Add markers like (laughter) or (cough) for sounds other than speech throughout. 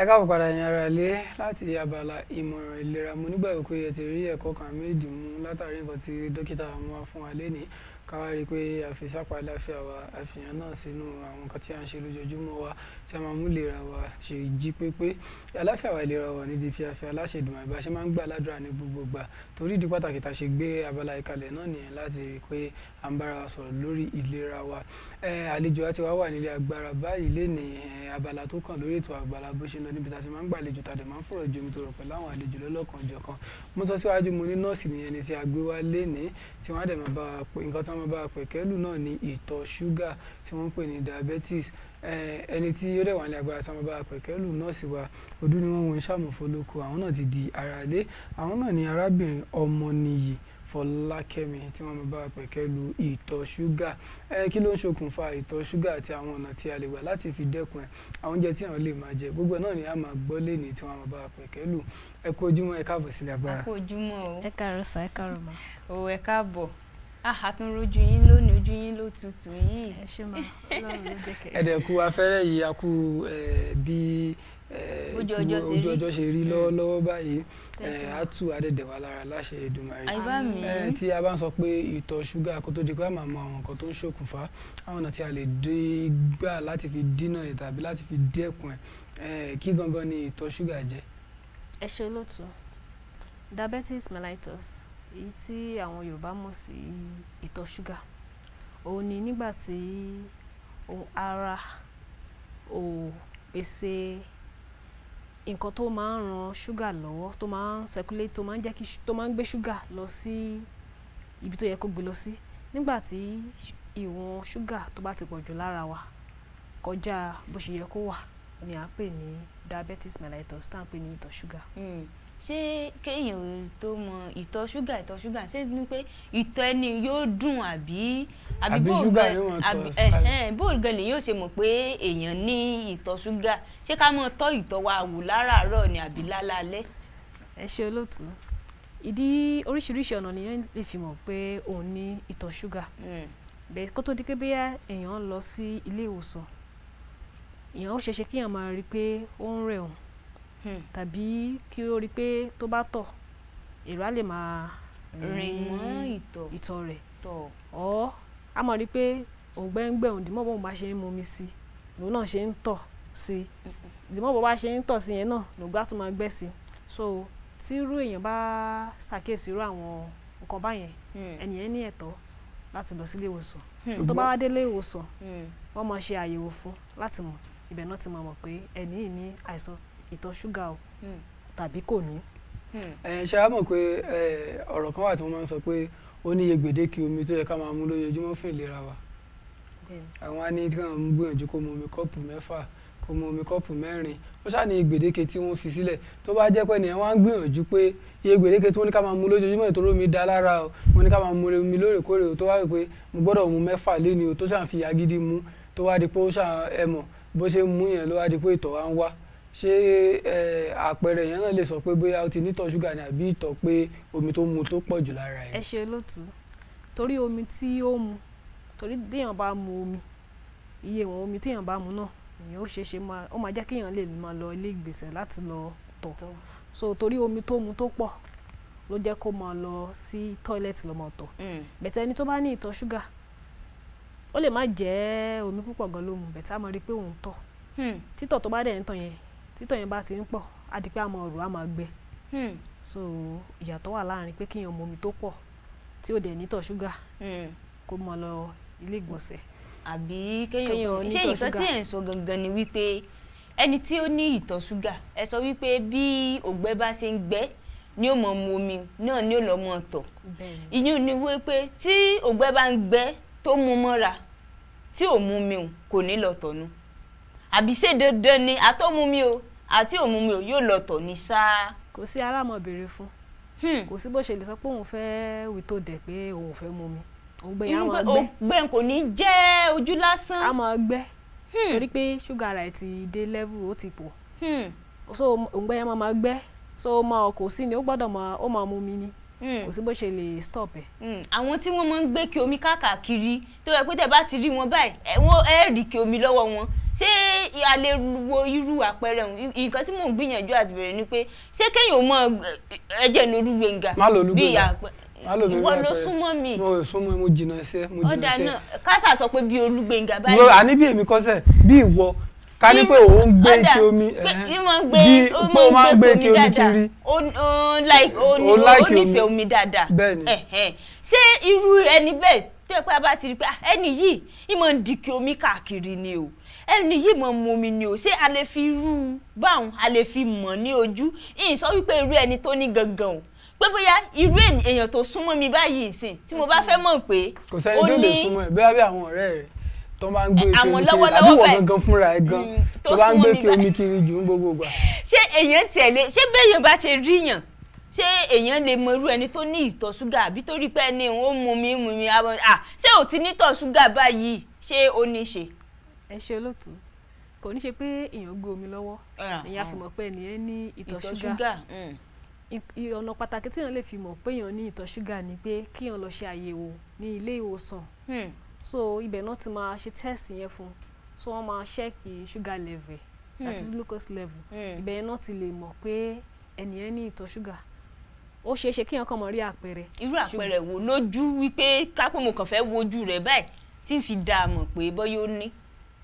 ẹ káàbọ̀ padà yẹn ara ilé láti abala ìmọ̀ràn ìlera mo nígbàgbọ́ pé ẹ ti rí ẹ̀kọ́ kan méjì mú látàrí nǹkan tí dókítà mú wá fún wa lénìí káwá rí i pé àfẹsápá aláfíà wa àfihàn náà sínú àwọn nǹkan tí a ń ṣe lójoojúmọ́ wa tí a máa mú ìlera wa ṣe jí pépé aláfíà wa ìlera wa ní ti fi àfẹ́ aláṣẹdùn àìbá ṣe máa ń gbà ládùúrà ní gbogbo gbà torí ìdí pàtàkì tá a ṣe gbé abala ìkalẹ̀ náà nìyẹn láti rí i pé à ń bára wa sọ̀rọ̀ lórí ìlera wa àlejò àti wa wà nílé agbára báyìí lé ní abala tó kàn lórí ètò àgbàlá bó ṣe ń lọ níbi tá a ti máa ń gbàlejò tàdé máa ń fọ̀rọ̀ ju omi tó rọ̀ pẹ̀lú àwọn àlejò lọ́lọ́kan ọjọ́kan mo sọ síwájú mo ní nọ́ọ̀sì nìyẹn ni tí a gbé lé ní tí wọ́n á dẹ̀ máa bá nǹkan tí wọ́n máa bá pẹ̀kẹ́lù náà ní ìtọ̀ ṣúgà tí wọ́n pè ní diabetes ẹni tí ó dẹ̀ wà ní agbára tí wọ́n bá pẹ̀kẹ́lù nọ́ọ̀sì wa ojú ni wọ́n ń ṣàmùfò lóko àwọn náà ti di aráalé àwọn náà ni arábìnrin ọmọnìyí fọlákẹ́mi tí wọ́n bá pẹ̀kẹ́lù ìtọ̀ ṣúgà ẹ kí ló ń ṣokùnfà ìtọ̀ ṣúgà àti àwọn ọ̀nà tí a lè gbà láti fi dẹ́kun ẹ̀ àwọn oúnjẹ tí àwọn lè máa jẹ gbogbo náà ni a máa gbọ́ léni tí wọ́n bá pẹ̀kẹ́lù ẹ kú ojúmọ́ ẹ káàbọ̀ sílẹ̀ agbára. ẹ káàbọ̀ àtún rojú yín lónìí ojú yín ló tutù yìí. ẹ ṣe máa Ọlọ́run ló jẹ kẹrin. ẹdẹkù afẹ́rẹ́ yìí a kú bí ojú ọjọ́ ṣe rí lọ́wọ́lọ́wọ́ mm. báyìí a tú adẹ́dẹ̀ wa lára láṣẹ Èdùmàrè tí a bá ń sọ pé ìtọ̀ ṣúgà kó tó di pé àmàmà àwọn nǹkan tó ń ṣokùnfà àwọn ọ̀nà tí a lè gbà láti fi dínà ẹ̀ tàbí láti fi dẹ́kun ẹ̀ kí gangan ni ìtọ̀ ṣúgà jẹ́. ẹ ṣe olóòtú diabetes mellitus èyí tí àwọn Yorùbá mọ̀ sí ìtọ̀ ṣúgà òun ni nígbà tí ara ò pèsè nǹkan tó máa ń ran ṣúgà lọ́wọ́ tó máa ń circulate tó máa ń jẹ́ kí tó máa ń gbé ṣúgà lọ sí ibi tó yẹ kó gbé lọ sí nígbà tí ìwọ̀n ṣúgà tó bá ti pọ̀ jù lára wa kọjá bó ṣe yẹ kó wà ni à ń pè ní diabetes mellitus tá à ń pè ní ìtọ̀ ṣúgà. Mm ṣé kéèyàn tó mọ ìtọ̀ ṣúgà ìtọ̀ ṣúgà ṣé ní pé ìtọ̀ ẹni yóò dùn àbí àbí ṣúgà yóò tọ bóògàn lèyìn yóò ṣe mọ̀ pé èèyàn ní ìtọ̀ ṣúgà ṣé ká mọ tọ́ ìtọ̀ wa wò láràárọ̀ ni àbí lálálẹ́. ẹ ṣe olóòtú ìdí oríṣiríṣi ọ̀nà nìyẹn lè fi mọ̀ pé òun ní ìtọ̀ ṣúgà hmm. bẹ́ẹ̀ kó tó di pé bóyá èèyàn lọ sí ilé ìwòsàn èèyàn ó ṣeéṣe kéèyàn máa rí i pé ó ń rẹ̀ òun Hmm. tàbí kí ó rí i pé tó bá tọ̀ èrò á lè máa rìn mọ́ ìtọ̀ rẹ̀ ọ́ a mọ̀ rí i pé òǹgbẹ́ ń gbẹ̀ òǹdìmọ̀ bọ́n bá ṣe ń mumi sí i náà ṣe ń tọ̀ sí i ìdìmọ̀ bá ṣe ń tọ̀ sí yẹn náà lògbà tó máa gbẹ̀ sí so tí irú èèyàn bá ṣàkíyèsí irú àwọn nǹkan báyẹn hmm. ẹni yẹn ní ẹ̀tọ́ láti lọ sílé ìwòsàn hmm. tó bá wá délé ìwòsàn wọ́n máa ṣe àyẹ̀wò fún láti mọ̀ ibẹ̀ náà ti máa mọ̀ pé ẹni yìí ní àìsàn ìtọ̀ ṣúgà o hmm. tàbí kò ní. Hmm. ṣe á mọ̀ pé ọ̀rọ̀ kan wà tí wọ́n máa ń sọ pé ó níye gbèdéke omi tó yẹ ká máa mú lójoojúmọ́ fún ìlera wa àwọn á ní kí wọ́n gbìyànjú kó mu omi kọ́ọ̀pù mẹ́fà kó mu omi kọ́ọ̀pù mẹ́rin ó ṣáà ní gbèdéke tí wọ́n fi sílẹ̀ tó bá jẹ́ pé ènìyàn wá ń gbìyànjú pé iye gbèdéke tí wọ́n ní ká máa mu lójoojúmọ́ ìtòrò omi dá lára o wọ́n ní ká máa mu omi lóòrèkóòrè o tó wá rí pé mo gbọ́dọ̀ mu mẹ́fà léni o tó ṣáà agídí mu tó wá di pé ó ṣáà ẹ bó ṣe mú yẹn ló wá di pé ìtọ̀ wá ń wá ṣé àpẹẹrẹ yẹn náà lè sọ pé bóyá o ti nítọ̀ ṣúgà ni àbí ìtọ̀ pé omi tó mu tó pọ̀ jù lára ẹ̀. ẹ ṣe lótú torí omi tí ó mu torí déèyàn bá mu omi iye ìwọ̀n omi téèyàn bá mu náà èèyàn ó ṣe ṣe máa ó máa jẹ́ kéèyàn lè máa lọ ilé ìgbésẹ̀ láti lọ tọ̀ so torí omi tó mu tó pọ̀ ló jẹ́ kó máa lọ sí tọ́ílẹ̀tì lọ́mọ tọ̀ hmm. bẹ̀tẹ̀ ẹni tó bá ní ìtọ̀ ṣúgà ó lè má jẹ́ omi púpọ̀ gan ló mu bẹ̀tẹ̀ á máa rí pé òun tọ̀ hmm. títọ̀ tó bá dẹ̀ ń tọ̀ yẹn títọ̀ yẹn bá ti ń pọ̀ á di pé àmọ́ ọ̀rọ̀ á máa gbẹ hmm. so ìyàtọ̀ wà láàrin pé kíyàn momi tó pọ̀ tí ò dẹ̀ nítọ̀ ṣúgà hmm. kó mọ lọ ilé ìgbọ̀nsẹ̀. àbí kéèyàn ṣé nǹkan tí ẹ̀ ń sọ gangan ni wípé ẹni tí ó ní ìtọ̀ ṣúgà ẹ sọ wípé bí ògbẹ́ bá ṣe ń gbẹ́ ni ó mọ mu omi náà ni ó lọ mọ tọ̀ ìyún ni wípé tí ògbẹ́ bá ń gbẹ́ tó mu mọ́ra tí ò mu mi kò ní lọ tọ̀ nu àbí ṣé dandan ni àtọ́ mi o àti òmùmí ò yóò lọ tọ̀ ní sáà. kò sí aráàmọ̀ béèrè fún hmm. kò sí bó ṣe lè sọ pé òun fẹ́ wìtó dẹ̀ pé òun fẹ́ mu mi òun gbẹ yẹn á máa gbẹ. ògbẹ́ kò ní jẹ́ ojú lásán. á máa gbẹ hmm. torí pé ṣúgà rẹ̀ ti dé level ó ti pọ̀ hmm. so ògbẹ́ yẹn máa gbẹ so máa kò sí ni ó gbọ́dọ̀ máa ó máa mu mi ni kò sí bó ṣe lè stop ẹ. àwọn tí wọ́n máa ń gbé kí omi káàkiri tó yẹ pé tẹ̀ bá ti rí wọn báyìí ẹ rí kí omi lọ́wọ́ wọn ṣé a lè wo irú àpẹẹrẹ nǹkan tí mò ń gbìyànjú àti bẹ̀rẹ̀ ni pé ṣé kéèyàn ò mọ ẹ̀jẹ̀ lórí gbẹ̀ngà bí àpẹẹrẹ ìwọ ló súnmọ́ mi mo súnmọ́ mo jìnnà iṣẹ́ mo jìnnà iṣẹ́ ọ̀dà náà kásà sọ pé bí Olúgbénga báyìí. mo àní bí èmi kọ́sẹ̀ bí ìwọ ká ní pé òun gbé ti omi bí pé o máa ń gbé ti omi kiri o nífẹ̀ẹ́ omi dáadáa ṣé irú ẹni bẹ́ẹ̀ tó yẹ pé a bá ti rí pé ah, ẹni yìí ìmọ̀ ń di omi káàkiri ni o ẹni yìí mọ̀ mọ̀ mi ni o ṣé a lè fi irú báwọn a lè fi mọ̀ ní ojú ìyìn sọ wípé irú ẹni tó ní gangan o pé bóyá irú èèyàn tó súnmọ́ mi báyìí sìn tí mo bá fẹ́ mọ̀ pé ó ní kò sẹ́ni tó lè súnmọ́ ẹ̀ bóyá bí àwọn ọ̀rẹ́ rẹ̀ tó máa ń gbé ike omi kiri àbí wọ̀ gangan fúnra ẹ̀ gan mm, tó bá ń gbé ike omi kiri jù ń gbogbo gbà. ṣé èèyàn tẹ̀lé ṣé béèyàn bá ṣe ríyàn ṣé èèyàn lè mọ irú ẹni tó ní ìtọ̀ ṣúgà àbí torí pé ẹni ò mú mi mú mi ṣé ò ti ní ìtọ̀ ṣúgà báyìí ṣé ó ní ṣe ẹ ṣe olóòtú kò ní ṣe pé èèyàn gbé omi lọ́wọ́ èèyàn ah, ah. fi mọ̀ pé ènìyàn ní ìtọ̀ ṣúgà mm. ọ̀nà pàtàkì tí èèyàn lè fi mọ̀ pé èèyàn ní ìtọ̀ ṣúgà ni pé kí èèyàn lọ ṣe àyẹ̀wò ní ilé ìwòsàn hmm. so ibẹ̀ náà ti máa ṣe tẹ́ẹ̀sì yẹn fún so wọ́n máa ṣẹ́ẹ̀kì ṣúgà level hmm. that is glucose level hmm. ibẹ̀ yẹn náà ti lè mọ̀ pé ènìyàn ní ìtọ̀ ṣúgà ó ṣeé ṣe kéèyàn kàn mọ̀ rí àpẹẹrẹ. irú àpẹẹrẹ wo lójú wípé kápẹ́ mo kàn fẹ́ wojú rẹ̀ báyìí tí n fi dààmú pé bọ́yá ní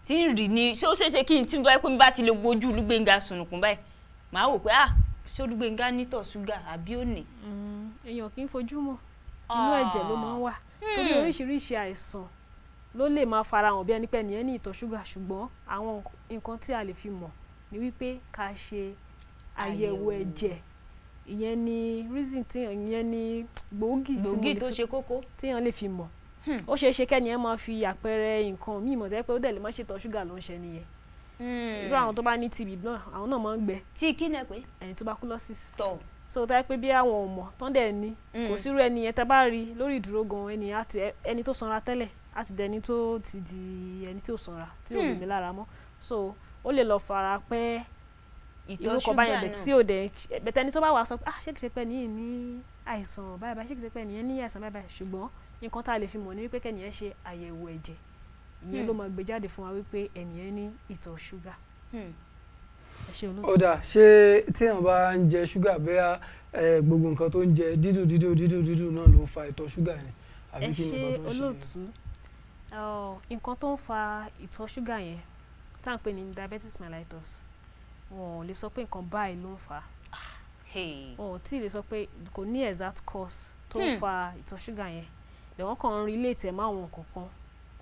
tí ń rì ní ṣé ó ṣeéṣe kí n tí bá pé mi bá ti lè wojú olúgbénga sùnùkùn báyìí màá wò pé ah ṣé olúgbénga nítọ̀ ṣúgà àbí ò ní. Mm, èèyàn kì í fojú mọ ah. inú ẹ̀jẹ̀ ló máa ń wà torí hmm. oríṣiríṣi àìsàn ló lè máa farahàn bí ẹni pé ẹnìyẹn ní ìtọ̀ ṣúgà ṣùgbọ́n àwọn nǹkan tí a lè fi mọ̀ ni wípé ká ṣe àyẹ̀wò ẹ̀jẹ̀ ìyẹn ni reason tí ìyẹn ni gbòógì tí mo lè fi mọ̀ Hmm. ó ṣeé ṣe kẹ́ni ẹ máa fi àpẹẹrẹ nǹkan míì mọ̀ tẹ́ pé ó dẹ̀ lè má ṣètọ́ ṣúgà ló ń ṣe nìyẹn hmm. irú àwọn tó bá ní TB náà àwọn náà máa ń gbẹ. tí kí ni ẹ pé. ẹ̀yìn tuberculosis. tọ̀ so tá a pé bí àwọn ọmọ tán dẹ̀ ní kò hmm. sírú ẹni yẹn tá a bá rí lórí ìdúró gan ẹni ẹni tó sanra tẹ́lẹ̀ á ti dẹni tó ti di ẹni tí ò sanra tí ò lómi lára mọ́ so ó lè lọ fara pẹ́ ìtọ̀ ṣúgà náà tí ò dẹ̀ bẹ̀tẹ̀ ah ṣé kìí ṣe pé ní ní àìsàn báyìí báyìí ṣé kìí ṣe nǹkan tá a lè fi mọ̀ ní wípé kẹ́nìyẹn ṣe àyẹ̀wò ẹ̀jẹ̀ ìyẹn ló hmm. máa gbé jáde fún wa wípé ẹnìyẹn ní ìtọ̀ ṣúgà. Hmm. ọ̀dà ṣé téèyàn bá ń jẹ ṣúgà bẹ́ẹ̀ gbogbo nǹkan tó ń jẹ dídùn dídùn dídùn dídùn náà ló fa ìtọ̀ ṣúgà ni àbí kí ni tó ń ṣe. ẹ ṣe olóòtú nǹkan tó ń fa ìtọ̀ ṣúgà yẹn tá à ń pè ní diabetes mellitus wọn ò lè sọ pé nǹkan báyìí ló ń fa ah, exact cause tó ń hmm. fa ìtọ̀ lẹ́wọ́n kàn ń rin ilé ìtẹ̀ máwọn nǹkan kan.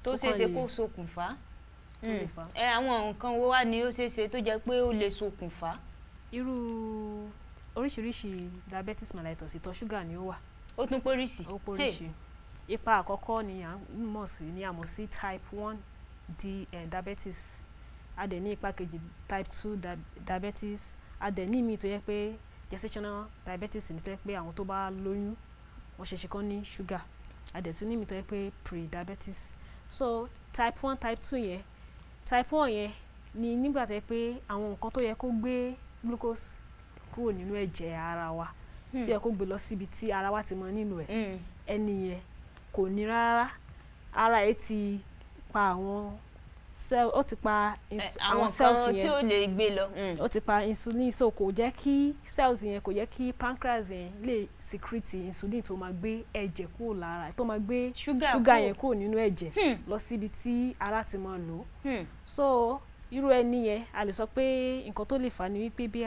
tó ṣeé ṣe kó ṣokùnfà hmm. ẹ àwọn nǹkan wo wá ni ó ṣeé ṣe tó jẹ́ pé ó lè ṣokùnfà. irú oríṣiríṣi diabetes mellitus ìtọ̀ ṣúgà ni ó wà. ó tún póríṣi. ó hmm. póríṣi ipa àkọ́kọ́ ni à ń mọ̀ sí ni a mọ̀ sí type one di eh, diabetes a dẹ̀ ní ipa kejì type two diabetes a dẹ̀ ní mi tó yẹ pé gestational diabetes ni tó yẹ pé àwọn tó bá lóyún wọ́n ṣẹ̀ṣẹ̀ kàn ní ṣúgà àdẹ̀tún ní mi tó yẹ pé pre-diabetes so type one type two yẹn type one yẹn ni nígbà tó yẹ pé àwọn nǹkan tó yẹ kó gbé glucose kúrò nínú ẹ̀jẹ̀ ara wa tó hmm. yẹ kó gbé lọ síbi tí ara wa ti mọ nílò ẹ̀ hmm. ẹni yẹn kò ní rárá ara ẹ̀ ti pa àwọn cell ti pa eh, àwọn cells yẹn àwọn kan tí gbé lọ. Mm, ti pa insulin so kò jẹ́ kí cells yẹn kò jẹ́ lè secrete insulin tó máa gbé ẹ̀jẹ̀ kúrò lára tó máa gbé yẹn kúrò nínú ẹ̀jẹ̀ hmm. lọ síbi tí ara ti máa lò hmm. so irú ẹni yẹn a lè sọ pé nǹkan tó lè fà ni wípé bí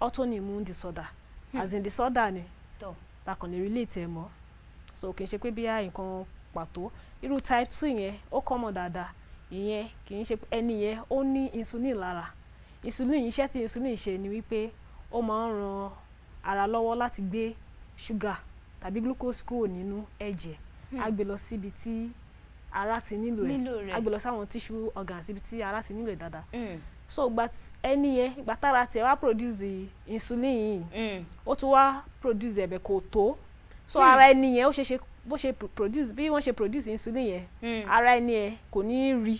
autoimmune disorder hmm. as in disorder ni lè relate so kì í ṣe pé bí nǹkan type two yẹn ìyẹn kì í ṣe ẹni yẹn ó ní insulin lára insulin iṣẹ́ tí insulin ṣe ni wípé ó máa ń ran ara lọ́wọ́ láti gbé ṣúgà tàbí glucose kúrò nínú ẹ̀jẹ̀ á hmm. gbé lọ síbi tí ara ti nílò ẹ̀ á gbé lọ sáwọn tissue organs síbi tí ara ti nílò ẹ̀ dáadáa hmm. so gba ẹni yẹn gba tára tiẹ̀ wá produce insulin yìí hmm. ó tún wá produce ẹ̀bẹ̀ kò tó so ara ẹni yẹn ó ṣeéṣe bó ṣe produce bí wọ́n ṣe produce insulin yẹn mm. ara ẹni yẹn kò ní rí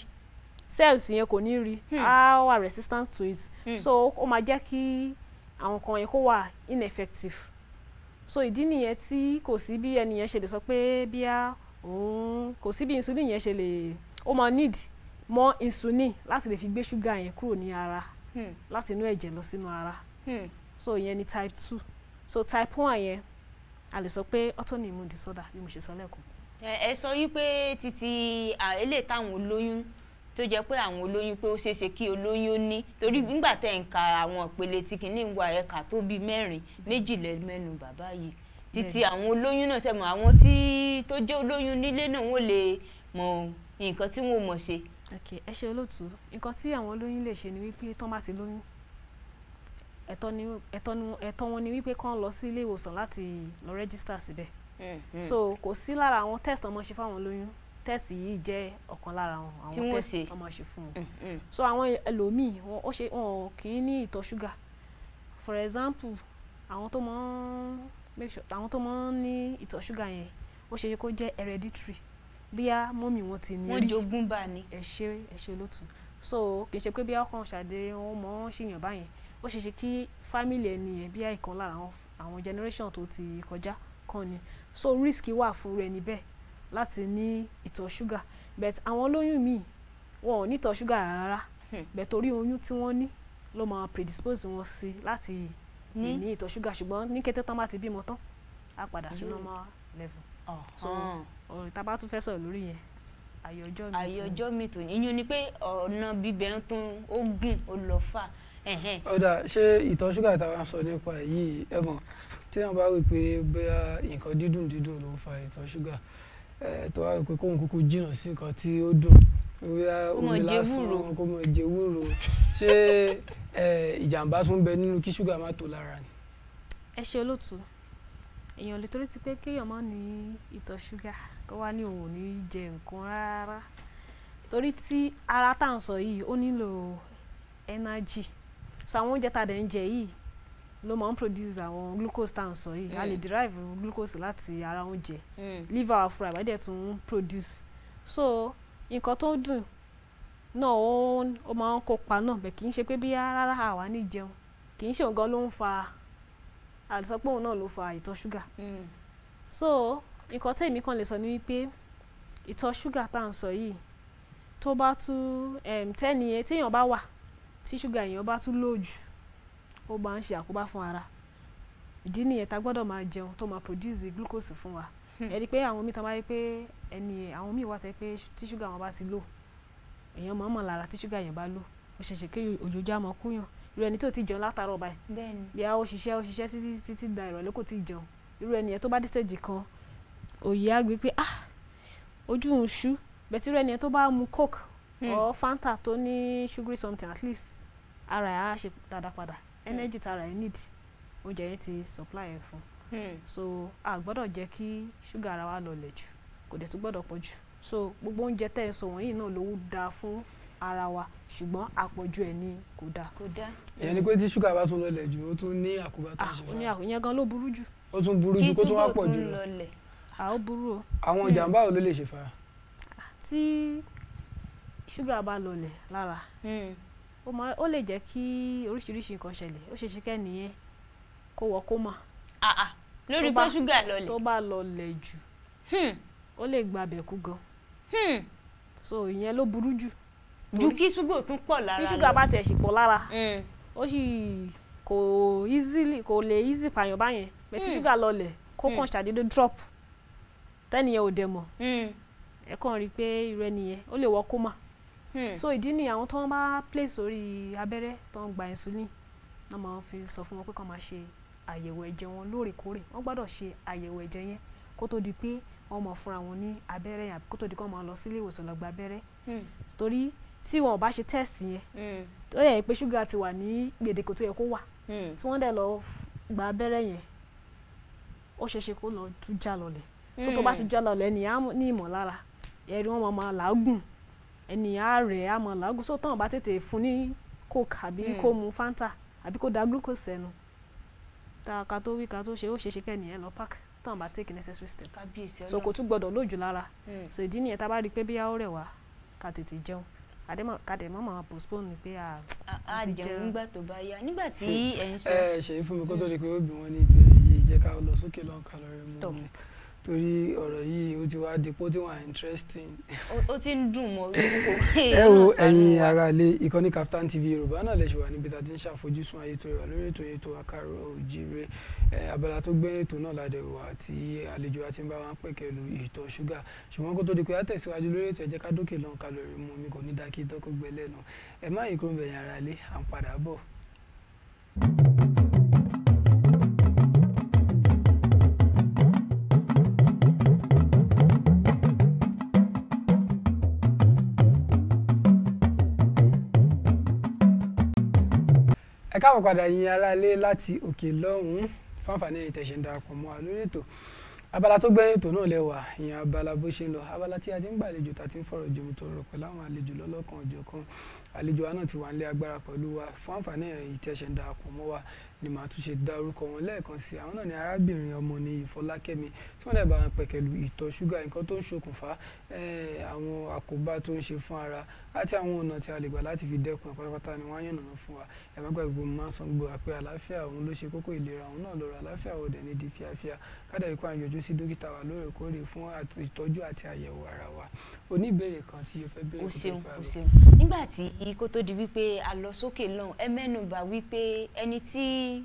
cells yẹn kò ní rí hmm. á wà resistant to it mm. so ó máa jẹ́ kí àwọn kan yẹn kó wà ineffective so ìdí nìyẹn tí kò sí bí ẹni yẹn ṣe lè sọ pé bíá òun kò sí bí insulin yẹn ṣe lè ó máa need more insulin láti lè fi gbé ṣúgà yẹn kúrò ní ara hmm. láti inú ẹ̀jẹ̀ lọ sínú ara hmm. so ìyẹn ni type two so type one yẹn a lè sọ pé autoimmune disorder bí mo ṣe sọ lẹ́kọ̀ọ́. ẹ sọ yí pé títí eléyìí táwọn olóyún tó jẹ́ pé àwọn olóyún pé ó ṣeéṣe kí olóyún ó ní torí nígbà tẹ́ ń ka àwọn ìpele tí kìíní ń wa ẹ̀ka tó bíi mẹ́rin méjìlélẹ́mẹ́nu bàbá yìí títí àwọn olóyún náà ṣe mọ̀ àwọn tí tó jẹ́ olóyún nílé náà wọ́n lè mọ̀ nǹkan tí wọ́n mọ̀ ṣe. ẹ ṣe olóòtú nǹkan tí àwọn olóyún lè ṣe ni wípé tán bá ti lóyún ẹ̀tọ́ wọn ni wípé kán lọ sí ilé ìwòsàn láti lọ rẹ́gísítà síbẹ̀ mm, mm. so kò sí lára àwọn test ọmọ ṣe fáwọn lóyún test yìí jẹ́ ọ̀kan lára àwọn àwọn test ọmọ ṣe fún un mm, so àwọn ẹlòmíì wọn ò ṣe wọn kì í ní ìtọ̀ ṣúgà for example àwọn tó mọ make sure àwọn tó mọ ní ìtọ̀ ṣúgà yẹn ó ṣe kó jẹ́ hereditary bíyá mọ́mì wọn ti ní rí wọ́n jogún bá ní ẹ ṣé ẹ ṣé lótú so kì í ṣe pé bíyá ọkàn ṣàdé wọn mọ ṣìyàn báyẹn ó ṣeé ṣe kí family ẹni yẹn àìkan lára àwọn generation tó ti kọjá kan ni so risk wà fún rẹ níbẹ̀ láti ní ìtọ̀ ṣúgà but àwọn olóyún míì wọn ò ní ìtọ̀ ṣúgà rárá hmm. but torí oyún tí wọ́n ní ló máa predispose wọn sí láti hmm. ní ìtọ̀ ṣúgà ṣùgbọ́n ní kété tán bá ti bímọ tán á padà sí hmm. normal level oh, so tá a bá tún fẹ́ sọ̀rọ̀ lórí yẹn àyọjọ́ mi tún àyọjọ́ mi tún ìyún ni pé ọ̀nà bíbẹ̀ ń tún ó gùn ó lọ fà. ọ̀dà ṣé ìtọ̀ ṣúgà táwa sọ nípa èyí ẹ mọ̀ tí wọ́n bá wí pé bóyá nǹkan dídùn dídùn ló ń fa ìtọ̀ ṣúgà tó wá wí pé kóun kúkú jìnnà sí nǹkan tí ó dùn bóyá omi lásán kó mọ̀ jẹ wúro ṣé ìjàmbá tún bẹ nínú kí ṣúgà má tó lára ni. ẹ ṣe olóòtú èèyàn lè torí ti pé kéèyàn má ní ìtọ̀ ṣúgà kó wá ní òun ò ní jẹ nǹkan rárá torí tí ara tá à ń sọ yìí ó nílò energy so àwọn oúnjẹ tá a dẹ̀ ń jẹ yìí ló máa ń produce àwọn glucose tá à ń sọ yìí a lè mm. derive glucose láti ara oúnjẹ mm. liver wa fúra ìbàdí ẹ̀ tún ń produce so nǹkan tó dùn náà ó máa ń kópa náà bẹ̀ kì í ṣe pé bí rárá àwa ní jẹun kì í ṣe òun gan ló ń fa àlùsọ pé òun náà ló fa ìtọ̀ ṣúgà hmm. so nǹkan mi kan lè sọ ni wípé ìtọ̀ ṣúgà tá à ń sọ yìí tó bá tún tẹ́ni yẹn téèyàn bá wà tí ṣúgà èèyàn bá tún lò jù ó máa ń ṣe àkóbá fún ara ìdí nìyẹn tá gbọ́dọ̀ máa jẹun tó máa produce glucose fún wa hmm. ẹ rí i pé àwọn míì tán bá rí i pé ẹni àwọn míì wà tẹ́ pé tí ṣúgà wọn bá ti lò èèyàn mọ̀ọ́mọ̀ lára tí ṣúgà yẹn bá lò ó ṣeéṣe kí òjòjò àmọ́ kúyàn irú ẹni tí ò ti jẹun látàárọ̀ báyìí bẹ́ẹ̀ni bí a ó ṣiṣẹ́ ó ṣiṣẹ́ títí títí da ìrọ̀lẹ́ kò ti jẹun irú ẹni yẹn tó bá dé stage kan òye á gbé pé ah ojú ń ṣú bẹ́ẹ̀ tí irú ẹni yẹn tó bá mu coke hmm. or fanta tó ní sugary something at least ara ẹ̀ á ṣe dáadáa padà hmm. energy tara ẹ̀ need oúnjẹ yẹn ti supply ẹ̀ fún mm. so a gbọ́dọ̀ jẹ́ kí ṣúgà ara wa lọlẹ̀ jù kò dẹ̀ tún gbọ́dọ̀ pọ̀ jù so gbogbo oúnjẹ tẹ́ ẹ sọ wọ̀nyí náà ló dáa fún ara wa ṣùgbọ́n àpọ̀jù ẹ̀ ni kò dáa. kò dáa. ìyẹn ni pé tí ṣúgà bá tún lọlẹ̀ jù ó tún ní àkóbá tó ah, ṣe wá. àkóbá yẹn gan ló burú jù. ó tún burú jù kó tún wá pọ̀ jù lọ. à ó burú o. àwọn hmm. ìjàmbá wo ló lè ṣe fara. Ah, tí ṣúgà bá lọlẹ̀ lára hmm. ó lè jẹ́ kí oríṣiríṣi nǹkan ṣẹlẹ̀ ó ṣe ṣe kẹ́ nìyẹn kó wọ kó mọ̀. Ah, lórí pé ṣúgà lọlẹ̀. tó bá lọlẹ̀ jù hmm. ó lè gbabẹ̀ kú gan. so ìyẹn ló burú jù ju kí ṣúgà tún pọ̀ lára lọ tí ṣúgà bá tiẹ̀ sì pọ̀ lára mm. ó sì kò easily kò lè easy pààyàn báyẹn bẹ́ẹ̀ tí mm. ṣúgà lọlẹ̀ kó mm. kàn ṣàdédé drop tẹ́niyẹn ò dẹ̀ mọ̀ ẹ kàn rí i pé irú ẹniyẹn ó lè wọ kómà so ìdí ni àwọn tó ń bá place orí abẹ́rẹ́ tó ń gba insulin náà máa fi sọ fún wọn pé kàn máa ṣe àyẹ̀wò ẹ̀jẹ̀ wọn lóòrèkóòrè wọ́n gbọ́dọ̀ ṣe àyẹ̀wò ẹ̀jẹ̀ yẹn kó tó di pé wọ́n máa fúnra wọn ní abẹ́rẹ́ yẹn kó tó di pé wọ́n máa lọ sílé ìwòsàn lọ gba abẹ́rẹ́ torí tí wọn ò bá ṣe tẹ́ẹ̀sì yẹn tó hmm. yẹ pé ṣúgà ti wà ní gbèdéke tó yẹ kó wà hmm. tí wọ́n dẹ̀ lọ gba abẹ́rẹ́ yẹn ó ṣeé ṣe kó lọ tún já lọlẹ̀ tó tó bá ti hmm. já lọlẹ̀ ẹni á ní ìmọ̀lára ẹ̀rí wọn máa làágùn ẹni á rẹ̀ á máa làágùn sótọ́ wọn bá tètè fún ní coke àbí kó mu fanta àbí kó da glucose ẹnu tá a ka tó wí ka tó ṣe ó ṣeé kẹ́ni ẹ lọ park tán bá take necessary step so kò tún gbọdọ̀ lójú lára so ìdí nìyẹn tá a bá rí i pé bí a ó rẹ̀ wá ká tètè jẹun kàdémọ́ máa postpone ni pé a ti jẹun. àjẹun nígbà tó bá yá nígbà tí hmm. ẹ ń sọ. ẹ ṣèyí fún mi kó tó di pé ó bí wọn ní ìbéèrè yìí jẹ ká lọ sókè lọ́nkà lọ́rẹ́ mú mi torí ọ̀rọ̀ yìí ó ti wá dipò tí wà interesting. ó ti ń dùn mọ́ kókó. (laughs) ẹ wo ẹ̀yin ará ilé ìkànnì Kaftan TV yorùbá náà lè ṣe wà níbi tá ṣàfojúsùn ayé tó rẹwà lórí ètò ètò àkàrò òjíire abala tó gbé ètò náà ládẹ wà àlejò àti ń bá wa ń pẹ̀kẹ̀lú ìtọ̀ ṣúgà ṣùgbọ́n kó tó di pé á tẹ̀síwájú lórí ètò ẹ jẹ́ ká dókè lọ́n kalori mu mi kò ní dákì tó kó gbẹ lẹ́nu ẹ má yí kúrò bẹ̀yìn ará ilé à ń padà bọ̀. káàbọ̀ padà yin aráalé láti òkè lọ́hùn-ún fáǹfààní ẹ̀yìn tẹ̀sẹ̀ ń darapọ̀ mọ́ wa lórí ètò abala tó gbẹ̀yìn ètò náà lẹ́wà ìyẹn abala bó ṣe ń lọ abala tí a ti ń gbàlejò tá a ti ń fọ̀rọ̀ jomi tó rọ̀ pẹ̀lú àwọn àlejò lọ́lọ́kan ọjọ́ kan àlejò wa ti wà nílé agbára pẹ̀lú wa fún àǹfààní darapọ̀ mọ́ wa ni màá tún ṣe dá orúkọ wọn lẹ́ẹ̀kan sí àwọn náà ni arábìnrin ọmọ ní ìfọlákẹ́mi tí wọ́n dẹ̀ bá wọn pẹ̀kẹ̀lú ìtọ̀ ṣúgà nǹkan tó ń ṣokùnfà àwọn àkóbá tó ń ṣe fún ara àti àwọn ọ̀nà tí a lè gbà láti fi dẹ́kun ẹ̀ pátápátá ni wọ́n á yànnàná fún wa ẹ má gbàgbé mo máa ń sọ gbogbo àpé àlàáfíà òun ló ṣe kókó ìlera òun náà lọ́rọ̀ àlàáfíà ọ̀dẹ̀ ní di fíafíà kádàrí kó àyànjú sí dókítà wa lóòrèkóòrè fún ìtọ́jú àti àyẹ̀wò ara wa oníbèrè kan tí o fẹ́ bèrè kó tó bá rẹ̀. o ṣeun nígbà tí a lọ sókè lọ́hùn ẹ mẹ́nu bà wípé ẹni tí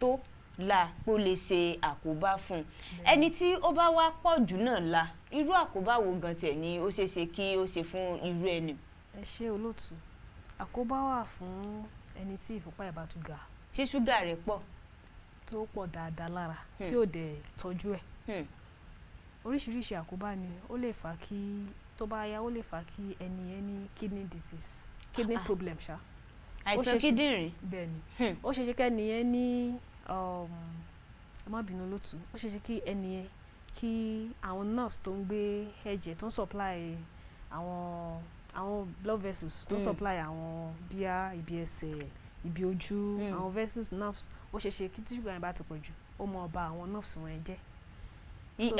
tó la pé ó lè ṣe àkóbá fún un ẹni tí ó bá wá pọ̀ jù náà la irú àkóbá wo gan tiẹ̀ ni ó ṣeé ṣe kí ó ṣe fún irú ẹni. ẹ ṣe olóòtú àkóbá wà fún ẹni tí ìfúnpá ẹ̀ bá tún ga. tí ṣúgà rẹ̀ pọ̀. tó pọ̀ dáadáa lára hmm. tí ò dẹ̀ tọ́jú ẹ̀ hmm. oríṣiríṣi àkóbá ni ó lè fà kí tó bá yá ó lè fà kí ẹni ẹni kidney disease kidney ah. problem ṣá. àìsàn kíndìnrín. bẹ́ẹ̀ ni hmm. ó ṣe ṣe kẹ́ni ẹni Um, ẹ má bínú lótú ó ṣeé ṣe kí ẹni yẹn kí àwọn nerves tó ń gbé ẹ̀jẹ̀ tó ń supply àwọn àwọn blood vessels tó ń mm. supply àwọn bíá ibi ẹsẹ̀ ibi ojú mm. àwọn vessels nerves ó ṣeé ṣe kí tí ṣúgà yẹn bá ti pọ̀ jù ó mọ ọba àwọn nerves wọn ẹ jẹ́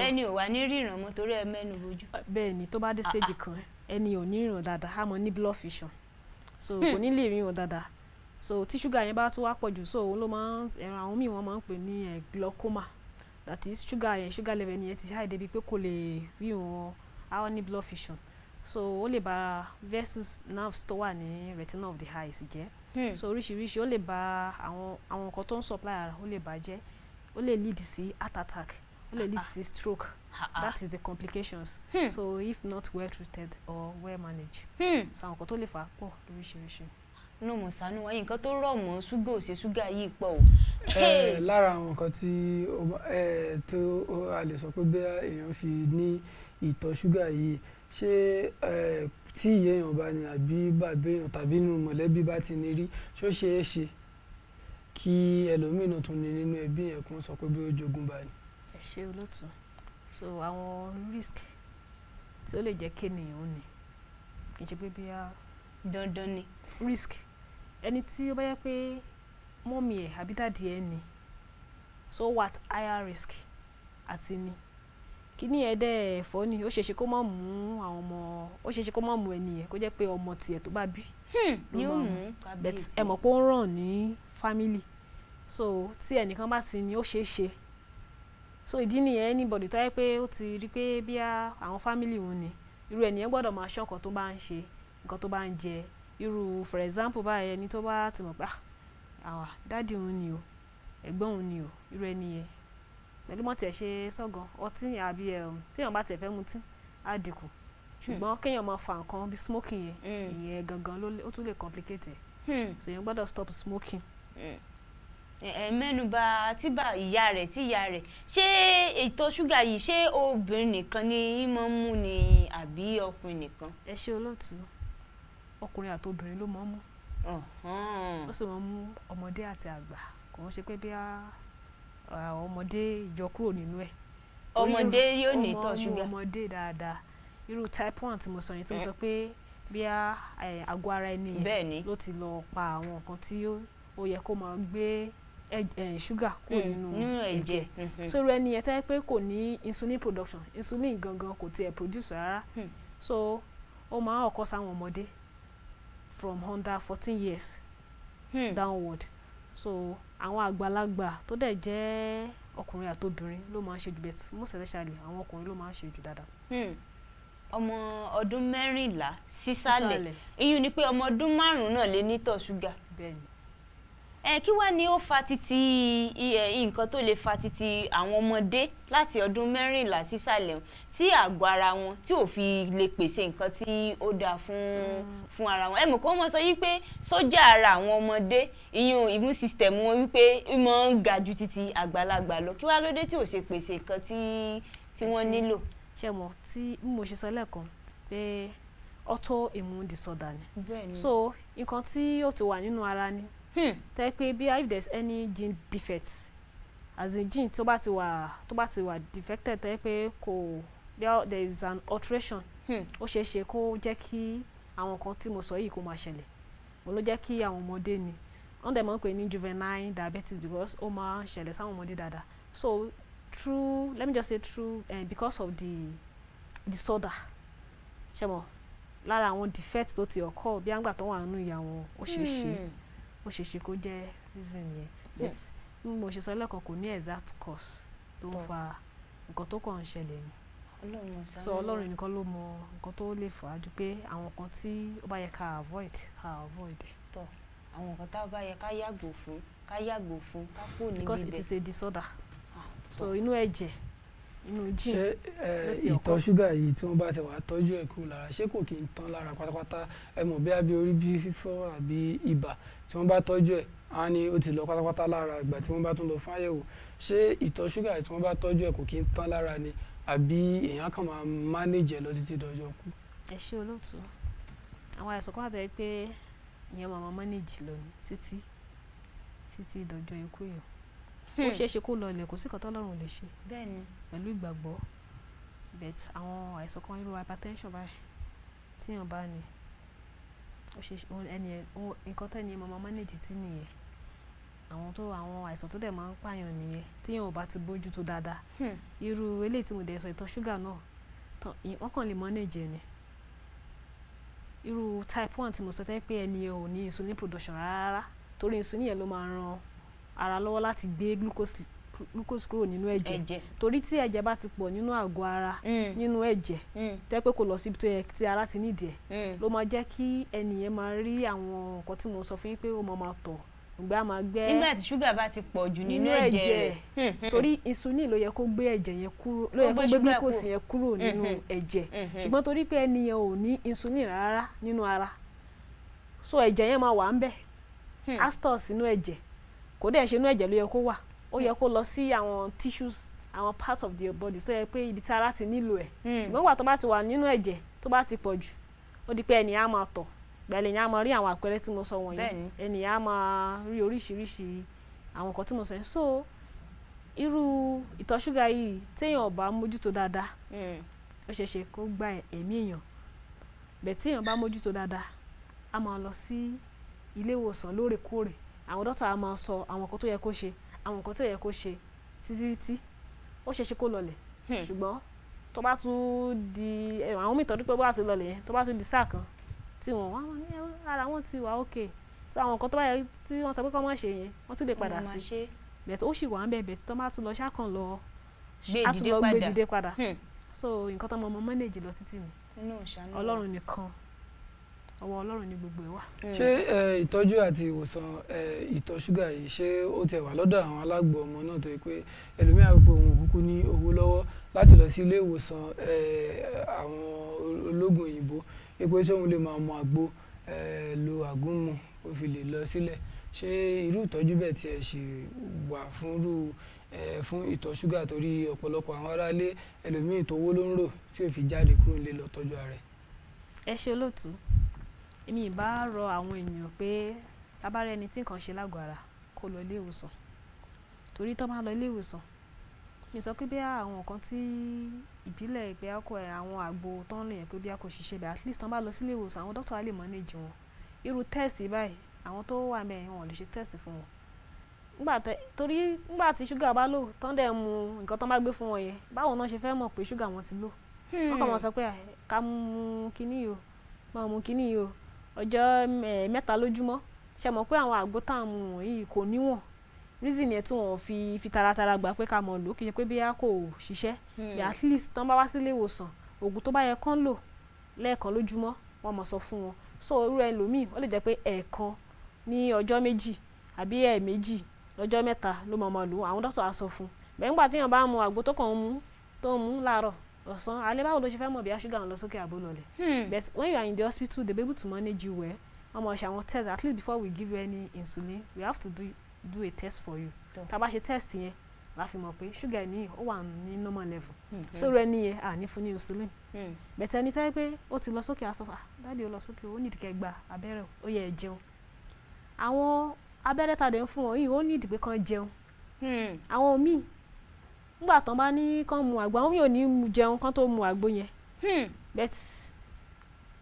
ẹni ò wá ní ríran mọ́ torí ẹ mẹ́nu bojú. bẹ́ẹ̀ ni tó bá dé ah, stage ah. kan ẹni ò ní ríran dáadáa á mọ ní blood fission so hmm. kò ní lè ríran dáadáa so tí ṣúgà yẹn bá tún wá pọ̀jù so òun ló máa ń ẹran àwọn míì wọ́n máa ń pè ní ẹ̀ eh, glaucoma that is ṣúgà yẹn ṣúgà level yẹn ti high débi pé kò lè rí wọn àwọn ní blood fission so ó lè ba versus nerves tó wà ní retina of the eyes jẹ́ hmm. so oríṣiríṣi ó lè ba àwọn àwọn nǹkan tó ń supply ara ó lè bà ó lè lead sí heart attack ó lè lead ah, ah. sí stroke ah. that is the complications hmm. so if not well treated or well managed hmm. so àwọn nǹkan tó lè fà á pọ̀ lóríṣiríṣi nù mọ̀ sánú wáyé nǹkan tó rọ̀ mọ́ ṣúgà ò ṣe ṣúgà yìí pọ̀ o. (laughs) lára àwọn nǹkan tí tó a lè sọ pé bẹ́ẹ̀ èèyàn fi ní ìtọ̀ ṣúgà yìí ṣé tí ìyá èèyàn bá ní àbí bàbá èèyàn tàbí inú mọ̀lẹ́bí bá ti ní rí ṣó ṣe é ṣe kí ẹlòmíràn tún ní nínú ẹbí yẹn kó sọ pé bí ó jogún bá ní. ẹ ṣe olóòtú so àwọn risk tí ó lè jẹ́ kéènìyàn ò ní kì í ṣe pé bí a. dandan ni. risk ẹni tí ó bá yẹ pé mọ́mì ẹ̀ àbí dáàdì ẹ̀ ni so what higher risk àti ni kíní ẹ dẹ́ ẹ̀fọ́ ni ó ṣeéṣe kó má mú àwọn ọmọ ó ṣeéṣe kó má mú ẹni yẹn kó jẹ́ pé ọmọ tiẹ̀ tó bá bí hmm, ló máa mú but ẹ mọ̀ pé ó ń ràn ní family so tí ẹnìkan bá ti ní ó ṣeéṣe so ìdí nìyẹn anybody tó yẹ pé ó ti rí pé bí àwọn family òun ni irú ẹnìyẹn gbọ́dọ̀ máa ṣọ́ nǹkan tó bá ń ṣe nǹkan tó bá ń jẹ irú for example báyìí ẹni tó bá ti mọ̀ pé ah, àwa dáàdì òun ni o ẹ̀gbọ́n òun ni o irú ẹni yẹn pẹ̀lú mọ̀ tẹ̀ ṣe sọ́gan ọtí àbí téèyàn bá tẹ̀ fẹ́ mutí á dínkù hmm. ṣùgbọ́n kéèyàn máa fa nǹkan bí smoking yẹn hmm. ìyẹn gangan ó tún lè complicate ẹ̀ hmm. so yẹn gbọ́dọ̀ stop smoking. Mm mẹ́nuba tíba ìyá rẹ̀ tíya rẹ̀ ṣé ètò ṣúgà yìí ṣé obìnrin nìkan ni í máa ń mú ni àbí ọkùnrin nìkan. ẹ ṣe olóòtú ọkùnrin àti obìnrin ló mọ̀ ọ́n mú ó sì mọ̀ ọ́n mú ọmọdé àti àgbà kò wọ́n ṣe pé bí ọmọdé yọ kúrò nínú ẹ̀ ọmọdé yóò ní ìtọ̀ ṣúgà ọmọdé dáadáa irú type one tí mo sọ yẹn tí mo sọ pé bí àgọ́ ara ẹni yẹn ló ti lọ pa àwọn nǹkan tí ó yẹ kó máa gbé ṣúgà kúrò hmm, nínú ẹ̀jẹ̀ hmm, hmm. so irú ẹni yẹn tẹ́ pé kò ní insulin production insulin gangan kò tiẹ̀ produce rárá so ó máa ń ọkọ sáwọn ọmọdé from under fourteen years hmm. downward so àwọn àgbàlagbà tó dẹ̀ jẹ́ ọkùnrin àtobìnrin ló máa ń ṣe jù bẹ́ẹ̀ most especially àwọn ọkùnrin ló máa ń ṣe jù dáadáa. Hmm. ọmọ ọdún mẹ́rìnlá sísàlẹ̀ iyún ni pé ọmọ ọdún márùn-ún náà lè ní ṣúgà. bẹ́ẹ̀ni ẹ kí wàá ní ó fa títí nǹkan tó lè fa títí àwọn ọmọdé láti ọdún mẹ́rìnlá sísàlẹ̀ tí àgọ́ ara wọn tí ò fi lè pèsè nǹkan tí ó dáa fún fún ara wọn ẹ̀mọ̀ kó mọ̀ sọ yí pé sójà ara àwọn ọmọdé ìyún immune system wọn wípé ìmọ̀ ń ga ju títí àgbàlagbà lọ kí wàá lóde tí ò ṣe pèsè nǹkan tí tí wọ́n nílò. ṣe mọ̀ tí mo ṣe sọ lẹ́ẹ̀kan pé autoimmune disorder ni so nǹkan tí ó ti wà nínú ara ni Hmm. tẹ́ pé bí if there's any gene defect as in gene tó bá ti wà tó bá ti wà defected tẹ́ pé kò there is an alteration hmm. ó ṣeé ṣe kó jẹ́ kí àwọn kan tí mo sọ yìí kó máa ṣẹlẹ̀ mo ló jẹ́ kí àwọn ọmọdé ni wọ́n dẹ̀ mọ̀ pé ní juvenile diabetes because ó máa ń ṣẹlẹ̀ sáwọn ọmọdé dáadáa so through let me just say through uh, because of the disorder ṣe mọ̀ lára àwọn defect tó ti occur bí àgbà tó wà nínú ìyá wọn ó ṣeé ṣe. Hmm ó ṣeé ṣe kó jẹ́ reason yẹn but bí mo ṣe sọ lẹ́kọ̀ọ́ kò ní exact cause tó fa nǹkan tó kàn ń ṣẹlẹ̀ ni so ọlọ́run nìkan ló mọ nǹkan tó lè fà á ju pé àwọn kan tí ó bá yẹ ká avoid ká avoid. tọ àwọn nǹkan tá a bá yẹ ká yàgò fún ká yàgò fún ká kó níbi bẹ́ẹ̀ because it is a disorder ah, so inú ẹ̀jẹ̀. E inú jíìn ló ti ọkọ. ṣé ìtọ̀ ṣúgà yìí tí wọ́n bá ti wà tọ́jú ẹ̀ kúrò lára ṣé kò kí n tán lára pátápátá ẹ mọ̀ bí abẹ́ orí bí fífọ́ àbí ibà tí wọ́n bá tọ́jú ẹ̀ á ní ó ti lọ pátápátá lára ìgbà tí wọ́n bá tún lọ fún àyẹ̀wò ṣé ìtọ̀ ṣúgà yìí tí wọ́n bá tọ́jú ẹ̀ kò kí n tán lára ni àbí èèyàn kàn máa manage ẹ̀ lọ títí dọjọ́ kú. ẹ ṣe olóòtú àwọn àìsàn kan àtẹ̀wé pé ìyẹn máa manage lọ títí títí dọjọ́ ikú yìí ó hmm. ṣeé ṣe kó lọlẹ̀ kò sí nǹkan tọ́lọ́run lè ṣe pẹ̀lú ìgbàgbọ́ but àwọn àìsàn kan irú hypertension báyìí tíyàn bá ní ó ṣe ẹni nǹkan tẹ́ni ẹ̀ máa manage tí nìyẹn àwọn tó àwọn àìsàn tó dẹ̀ máa ń pààyàn nìyẹn tíyàn ò bá ti bójú tó dáadáa hmm. irú eléyìí tí mo dẹ̀ sọ ìtọ̀ ṣúgà náà wọ́n kàn lè manage ni irú type one tí mo sọ tẹ́ pé ẹni ò ní insulin production rárá torí insulin yẹn ló máa ran ara lọ́wọ́ láti gbé glucose glucose kúrò nínú ẹ̀jẹ̀ torí tí ẹ̀jẹ̀ bá ti pọ̀ nínú àgọ́ ara mm. nínú ẹ̀jẹ̀ mm. tẹ́ pé kò lọ síbi tó yẹ tí ara ti nídìí ẹ̀ mm. ló máa jẹ́ kí ẹnìyẹn máa rí àwọn nǹkan tí mo sọ fún yín pé ó máa tọ̀ ìgbà máa gbẹ. nígbà tí ṣúgà bá ti pọ̀ jù nínú ẹ̀jẹ̀ rẹ̀ hmm, hmm. torí insulin ló yẹ kó gbé ẹ̀jẹ̀ yẹn kúrò ló yẹ kó gbé glucose yẹn kúrò hmm, nínú ẹ̀jẹ̀ ṣùgbọ́n torí pé ẹnìyẹn ò ní insulin rárá nínú ara so ẹ̀jẹ̀ yẹn máa wà ń bẹ̀ astos nínú ẹ̀jẹ̀ kò dẹ̀ ṣe inú ẹ̀jẹ̀ ló yẹ kó wà ó yẹ hmm. kó lọ sí àwọn tissues àwọn part of their body tó yẹ pé ibi tí ara ti nílò ẹ̀ hmm. ṣùgbọ́n ìgbà tó bá ti wà nínú ẹ̀jẹ̀ tó bá ti pọ̀ jù ó di pé ẹnìyàn á máa tọ̀ gbẹ̀lẹ̀ yẹn á máa rí àwọn àpẹẹrẹ tí mo sọ wọ̀nyí ẹnìyàn á máa rí oríṣiríṣi àwọn nǹkan tí mo sọ yẹn so irú ìtọ̀ ṣúgà yìí téèyàn ò bá mójútó dáadáa hmm. ó ṣeé ṣe kó gba ẹ̀mí èèyàn bẹ̀ téèyàn bá mójútó dáadáa á máa lọ sí ilé ìwòsàn lóòrèkóòrè àwọn dókítà á máa sọ àwọn nǹkan tó yẹ kó ṣe àwọn nǹkan tó yẹ kó ṣe títí títí ó ṣeé ṣe kó lọlẹ̀ hmm. ṣùgbọ́n tó bá tún di àwọn mìtọ́ dípẹ́ bó àti lọlẹ̀ yẹn tó bá tún di sáà kan tí wọ́n wá ní ara wọn ti wà ókè so àwọn nǹkan tó bá yẹ tí wọ́n sọ pé kọ́ mọ̀ ṣe yẹn wọ́n tún lè padà sí bẹ̀tẹ̀ ó sì wà ń bẹ̀bẹ̀ tó bá tún lọ ṣáà kan lọ gbé dìde padà hmm. so nǹkan tó mọ ọmọ mọ́nèjì lọ títì ni ọlọ́run nìkan ọwọ́ ọlọ́run ni gbogbo ẹ̀ wà. ṣé ìtọ́jú àti ìwòsàn ìtọ̀ ṣúgà yìí ṣé ó tiẹ̀ wà lọ́dọ̀ àwọn alágbò ọmọ náà tó yẹ pé ẹlòmíràn wípé òun òkúkú ní owó lọ́wọ́ láti lọ sí ilé ìwòsàn àwọn ológun òyìnbó wípé ṣé òun lè máa mu àgbo lo àgúnmu kó fi lè lọ sílẹ̀ ṣé irú ìtọ́jú bẹ́ẹ̀ tiẹ̀ ṣì wà fún irú fún ìtọ̀ ṣúgà torí ọ̀pọ̀lọpọ̀ àwọn aráalé ẹlòmíì tó wó ló ń rò tí ò fi jáde kúrò nílé lọ tọ́jú ara ẹ̀. ẹ ṣe olóòtú èmi ìbá rọ àwọn ènìyàn pé tábàárẹ̀ ẹni tí nǹkan ṣe lágọ̀ọ́ ara kó lọ ilé ìwòsàn torí tó máa lọ ilé ìwòsàn mi sọ pé bí àwọn nǹkan tí ìbílẹ̀ ìpè akọ ẹ̀ àwọn àgbo tó ń lò yẹn pé bí a kò ṣiṣẹ́ bẹ́ẹ̀ at least tán bá lọ sílé ìwòsàn àwọn dókítà á lè manage wọn irú tẹ́ẹ̀sì báyìí àwọn tó wà mẹ́rin wọn lè ṣe tẹ́ẹ̀sì fún wọn torí nígbà tí ṣúgà bá lò tán dẹ̀ mu nǹkan tán bá gbé fún wọn yẹn báwọn náà ṣe fẹ́ mọ̀ pé ṣúgà wọn ti lò wọ́n kàn wọ́n sọ pé ká mú kinní yìí o máa mú kinní yìí o ọjọ́ eh, mẹ́ta lójúmọ́ ṣe mọ̀ pé àwọn àgbo tá à ń mu wọ̀nyí kò níwọ̀n reason yẹn tí wọn fi fi taratara gbà pé ká mọ̀ lò kì í ṣe pé bíyà kò ṣiṣẹ́ hmm. bí at least tán bá wá sílé ìwòsàn oògùn tó bá yẹ kán lò lẹ́ẹ̀kan lójúmọ́ wọn mọ̀ sọ fún wọn so irú ẹlòmíì ó lè jẹ́ pé ẹ̀ẹ̀kan ní ọjọ́ méjì àbí ẹ̀ẹ̀méjì lọ́jọ́ mẹ́ta ló mọ̀ mọ̀ lò àwọn dókítà á sọ fún bẹ́ẹ̀ nígbà tí ọ̀sán alẹ́ báwo ló ṣe fẹ́ mọ̀ bí aṣúgà ń lọ sókè àbó lọlẹ̀ hmm. but when you are in the hospital they be able to manage you well wọ́n mọ̀ ṣe àwọn test at least before we give you any insulin we have to do, do a test for you tá a bá ṣe test yẹn la fi mọ̀ pé ṣúgà ní ó wà ní normal level hmm. sórí ẹni yẹn à ní fún ní insulin hmm. but ẹni tẹ́ pé ó ti lọ sókè aṣọ fà dáàdi ó lọ sókè ó ní ìdíkẹ́ gba abẹ́rẹ́ ó yẹ ẹ jẹun àwọn abẹ́rẹ́ tàdé ń fún wọn yìí ó ní ìdìpé kan jẹun àwọn míì nígbà tán bá ní kán mu àgbo àwọn mi ò ní mu jẹun kán tó mu àgbo yẹn hmm. bet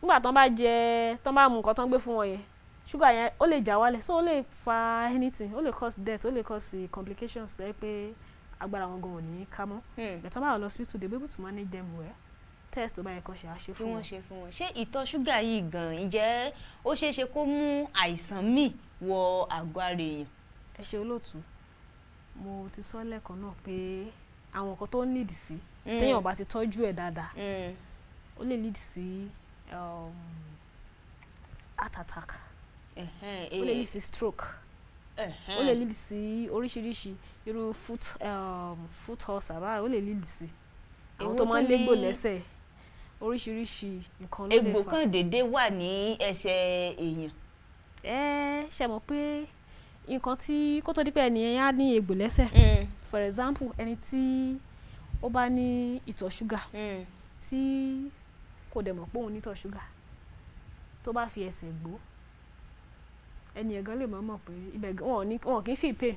nígbà tán bá jẹ tán bá mu nǹkan tán gbé fún wọn yẹn ṣúgà yẹn ó lè já wálẹ̀ so ó lè fa anything ó lè cause death ó lè cause complications lẹ́ pé agbára wọn gan ò ní ká mọ́ hmm. bet tán bá wà lọ hospital they be able to manage them well test tó bá yẹ kó ṣe àṣe fún wọn. ṣe fún wọn ṣé ìtọ̀ ṣúgà yìí gan-an ǹjẹ́ ó ṣeé ṣe kó mú àìsàn míì wọ àgọ́ ara èèyàn. ẹ ṣe olóòtú mo ti sọ lẹ́ẹ̀kan náà pé àwọn nǹkan tó ń lead sí mm. téèyàn bá ti tọ́jú ẹ̀ dáadáa mm. ó lè lead sí um, heart attack ó lè lead eh, sí stroke ó lè lead sí oríṣiríṣi irú foot um, foot ulcer báyìí ó lè lead sí àwọn tó máa ń légbò lẹ́sẹ̀ oríṣiríṣi nǹkan ló lè fà. egbò kan déédéé wà ní ẹsẹ̀ èèyàn. ẹ ṣe mọ̀ pé nǹkan tí kó tó di pé ẹnìyẹn ní egbò lẹ́sẹ̀ mm. for example ẹni tí ó bá ní ìtọ̀ ṣúgà mm. tí kò dẹ̀ mọ̀ pé òun ní ìtọ̀ ṣúgà tó bá fi ẹsẹ̀ gbó ẹni ẹ̀gán lè mọ̀ mọ̀ pé ibẹ̀ wọn kì í fi pè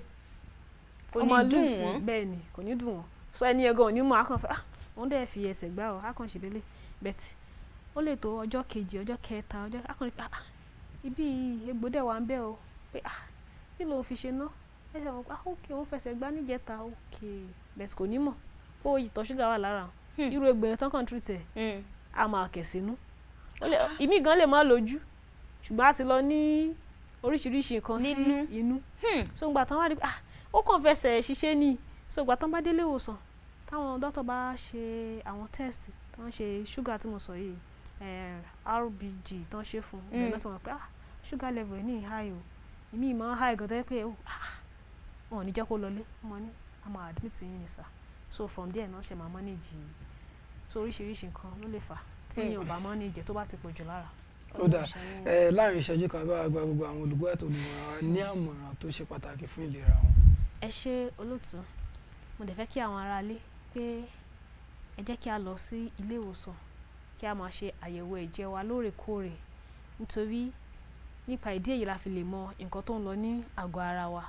ọmọ lùsì bẹ́ẹ̀ ni kò ní dùn wọ́n so ẹni ẹ̀gán ò ní mọ̀ akàn ah òun dẹ̀ fi ẹsẹ̀ gbá ọ akàn ṣe lélẹ̀ bẹ́tì ó lè tó ọjọ́ kejì ọjọ́ kẹta ọjọ́ akàn ah ibi egbò dẹ̀ wà ń bẹ́ o pé ah kí ló fi ṣe náà ẹ ṣe àwọn òkè òun fẹsẹ̀ gbá níjẹta òkè bẹ́ẹ̀ kò ní mọ̀ pé ìtọ̀ ṣúgà wà lára hmm. irú egbò yẹn tán kàn tún tẹ̀ hmm. a máa kẹ̀ sínú ah. ìmí gan lè má lójú ṣùgbọ́n a ti lọ ní oríṣiríṣi nǹkan sí inú hmm. so ìgbà tán wá rí ah ó kàn fẹsẹ̀ ṣiṣẹ́ ni so ìgbà tán bá délé ìwòsàn táwọn dókítà bá ṣe àwọn test tán ṣe ṣúgà tí mo sọ yìí eh, rbg tán ṣe fún un bẹ́ẹ̀ lọ́sàn-án pé ah ṣúgà level ẹ̀ ní high o èmi ìmọ̀ ha ẹ̀gàn tó yẹ pé wọn ò ní jẹ́ kó lọlé wọn ní a máa admit yín ni sà so from there náà ṣe máa manage yìí so oríṣiríṣi nǹkan ló lè fà tí èèyàn bá manage tó bá ti pọ̀ jù lára. ó dà ẹ láàrin ìṣẹ́jú kan bá gba gbogbo àwọn olùgbọ́ àti olùmọ̀ràn ní àmọ̀ràn tó ṣe pàtàkì fún ìlera wọn. ẹ ṣe olóòtú mo dẹ̀ fẹ́ kí àwọn aráalé pé ẹ jẹ́ kí a lọ sí ilé ìwòsàn kí a máa ṣe àyẹ̀wò ẹ̀jẹ̀ wa lóòrèkóòrè nítorí nípa ìdí èyí la fi lè mọ nǹkan tó ń lọ ní àgọ́ ara wa.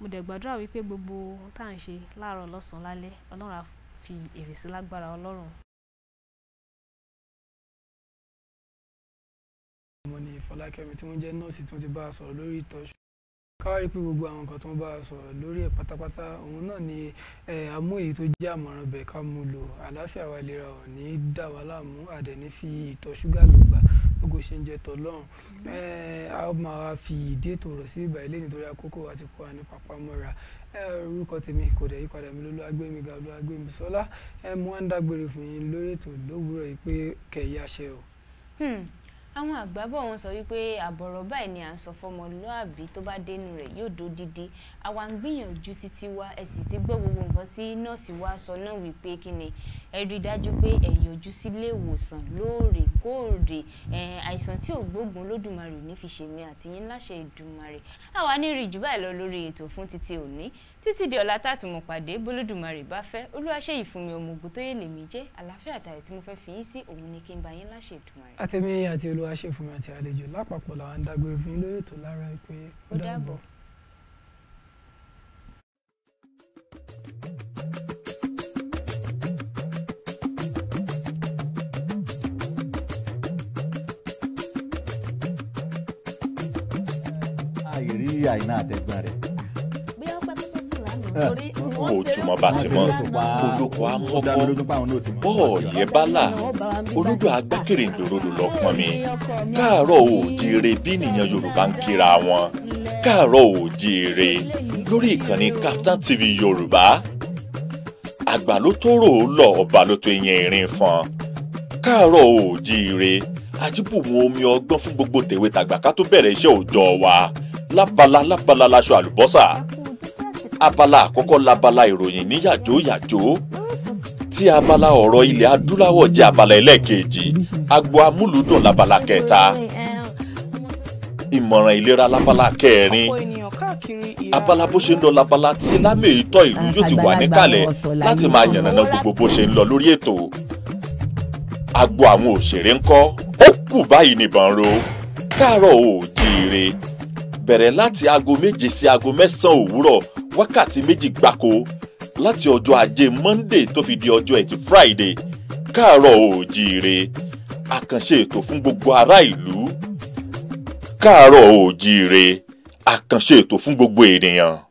Mo dẹ̀ gbàdúrà wípé gbogbo ohun tá à ń ṣe láàárọ̀ lọ́sàn lálẹ́ Ọlọ́run á fi èrè sí lágbára Ọlọ́run. Mo ní Fọlákẹ́mi tí wọ́n jẹ́ nọ́ọ̀sì tí wọ́n ti bá a sọ̀rọ̀ lórí ìtọ̀ ṣúgà. Ká wá rí pé gbogbo àwọn nǹkan tí wọ́n bá a sọ̀rọ̀ lórí ẹ̀ pátápátá òun náà ni a mú èyí tó jẹ́ àmọ̀ràn bẹ̀ ká mú lò. Àlàáfíà wa ìlera ò ní dà wá ní fi ìtọ̀ ṣúgà lùgbà ògo ṣe ń jẹ tọlọ́run eh, a máa fi ìdí ètò rọ̀ sí ìgbà ilé nítorí àkókò àti kó wa ní papamọ́ra eh, orúkọ tèmi kò dẹ̀ yípadà mi lólú agbẹ́migà ló agbẹ́misọ́lá eh, mo wá ń dágbére fún yín lórí ètò lówùúrọ̀ yìí pé kẹ̀yà ṣe o. Hmm àwọn àgbà bọ̀ wọ́n sọ wípé àbọ̀rọ̀ báyìí ni à ń sọ fọmọlúàbí tó bá dénú rẹ̀ yóò dó dídí àwa ń gbìyànjú títí wá ẹ sì ti gbọ́ gbogbo nǹkan tí nọ́ọ̀sì wa sọ náà wípé kí ni ẹ rí i dájú pé ẹ yọjú sílé ìwòsàn lóòrèkóòrè àìsàn tí ò gbógun lódùmarè ní fi ṣèmi àti yín láṣẹ ìdùmarè àwa ní rí jù báyìí lọ lórí ètò fún títí òní títí di ọ̀la tààtùmọ̀ pàdé bólódùmarè bá fẹ́ olúwaṣẹ́ ìfúnmi ọmọ ogun tó yẹ lèmi jẹ́ àlàáfíà àtàrẹ tí mo fẹ́ fi yín sí òun ni kí n bá yín láṣẹ ìdùmarè. àtẹ̀mí àti olú olúwa ṣe fún mi àti àlejò lápapọ̀ làwọn dágbére fún yín lórí ètò lára ìpè ó dàbọ̀. àìrí àìná àtẹ̀gbọ́n rẹ̀ ojúmọ́ bá ti mọ́ olóko amọ́kọ́ bọ́ọ̀yẹ́ bálà olódò agbákèrèǹdòrò ló lọ pọn mi káàárọ̀ oòjíire bí nìyẹn yorùbá ń kíra wọn káàárọ̀ oòjíire lórí ìkànnì Kaftan TV yorùbá àgbà ló tó rò ó lọ ọba ló tó yẹn ìrìn fọn káàárọ̀ oòjíire àjíbùmọ̀ omi ọgbọ́n fún gbogbo tèwe tàgbà ká tó bẹ̀rẹ̀ iṣẹ́ òòjọ́ wa lábala lábala láṣọ àlùbọ́sà abala àkọ́kọ́ labala ìròyìn ní yàjóyàjó tí abala ọ̀rọ̀ ilẹ̀ adúláwọ̀ jẹ́ abala ẹlẹ́ẹ̀kejì agbo amúlùdùn labala kẹta ìmọ̀ràn ìlera labala kẹrin abala bó ṣe ń lọ labala tí lámèétọ́ ìlú yóò ti wà níkàlẹ̀ láti máa yànnàná gbogbo bó ṣe ń lọ lórí ètò agbo àwọn òṣèré ńkọ́ ó kù báyìí nìbọn ro káàárọ̀ oòjíire bẹ̀rẹ̀ láti aago méje sí aago mẹ́sàn-án òwúrọ̀ wákàtí méjì gbáko láti ọjọ́ ajé monday tó fi di ọjọ́ ẹtì friday káàárọ̀ oòjíire àkànṣe ètò fún gbogbo ará ìlú káàárọ̀ oòjíire àkànṣe ètò fún gbogbo ènìyàn.